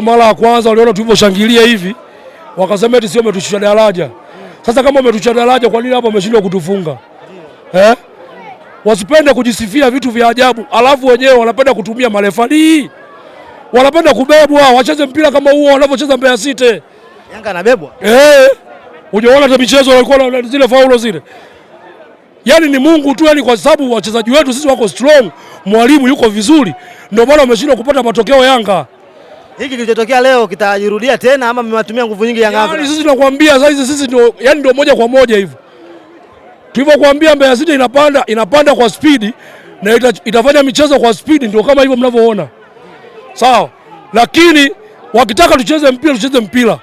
Mara ya kwanza waliona tulivyoshangilia hivi, wakasema eti sio umetushusha daraja. Sasa kama umetushusha daraja, kwa nini hapa umeshindwa kutufunga eh? Wasipende kujisifia vitu vya ajabu, alafu wenyewe wanapenda kutumia marefari, wanapenda kubebwa, wacheze mpira kama huo wanavyocheza Mbeya City. Yanga anabebwa eh, ujaona hata michezo walikuwa na zile faulo zile, yaani ni Mungu tu, yaani kwa sababu wachezaji wetu sisi wako strong, mwalimu yuko vizuri, ndio maana wameshindwa kupata matokeo Yanga hiki kilichotokea leo kitajirudia tena ama mmewatumia nguvu nyingi Yanga? Yaani sisi tunakuambia sasa sisi ndio yani ndio moja kwa moja hivyo. Tulivyokuambia Mbeya City inapanda inapanda kwa spidi na ita, itafanya michezo kwa spidi ndio kama hivyo mnavyoona. Sawa. Lakini wakitaka tucheze mpira tucheze mpira.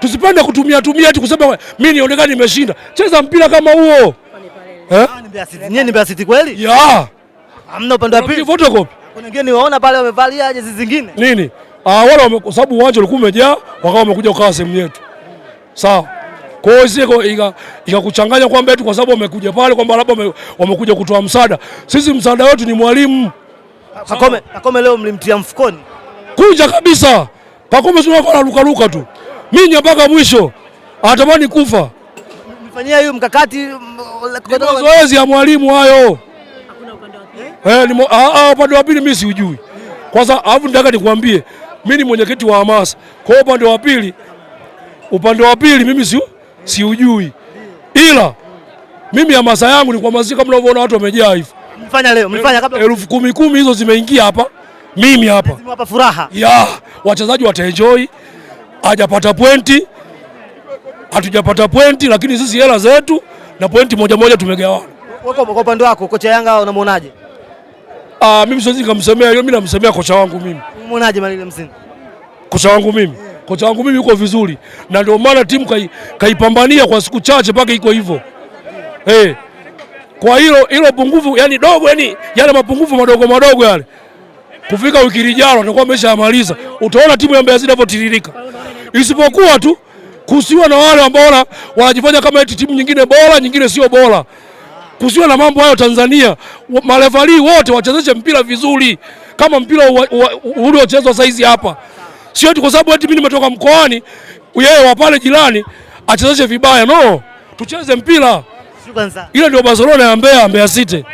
Tusipende kutumia tumia eti kusema mimi nionekane nimeshinda. Cheza mpira kama huo. Eh? Yaani ni Mbeya City. kweli? Ya. Hamna upande wa pili. Kuna wengine waona pale wamevalia jezi zingine. Nini? Ah, wale wame, kwa sababu uwanja ulikuwa umejaa, wakawa wamekuja ukawa sehemu yetu, sawa. Kwa hiyo ika ikakuchanganya kwamba eti kwa sababu wamekuja pale kwamba labda wamekuja kutoa msaada. Sisi msaada wetu ni mwalimu. Pakome, Pakome leo mlimtia mfukoni kuja kabisa. Pakome ruka tu Mimi mpaka mwisho, anatamani kufa. Mfanyia hiyo mkakati mazoezi ya mwalimu hayo Hakuna eh, ah, ah, upande wa pili Eh, ni upande wa pili mimi siujui kwanza, afu nitaka nikuambie mimi ni mwenyekiti wa hamasa. Kwa upande wa pili, upande wa pili mimi si siujui, ila mimi hamasa yangu ni mazika, kama unavyoona watu wamejaa hivi. Mlifanya leo, mlifanya kabla elfu kumi kumi hizo zimeingia hapa, mimi hapa nimewapa furaha ya wachezaji, wataenjoy. Hajapata pointi, hatujapata pointi, lakini sisi hela zetu na pointi moja moja tumegawana. Kwa upande wako kocha Yanga unamuonaje? Ah, mimi siwezi kumsemea yule, mimi namsemea kocha wangu mimi. mali Malile Msingi? Kocha wangu mimi. Kocha wangu mimi yuko vizuri na ndio maana timu kaipambania kwa siku chache mpaka iko hivyo. Eh. Hey. Kwa hilo hilo pungufu yani dogo yani yale mapungufu madogo madogo yale. Kufika wiki ijayo atakuwa ameshamaliza. Utaona timu ya Mbeya City inapotiririka. Isipokuwa tu kusiwa na wale ambao wanajifanya kama eti timu nyingine bora, nyingine sio bora. Kusiwa na mambo hayo Tanzania, Marefali wote wachezeshe mpira vizuri kama mpira uliochezwa saizi hapa, sio tu kwa sababu eti mimi nimetoka mkoani, yeye wa pale jirani achezeshe vibaya. No, tucheze mpira. Ile ndio Barcelona ya Mbeya, Mbeya City.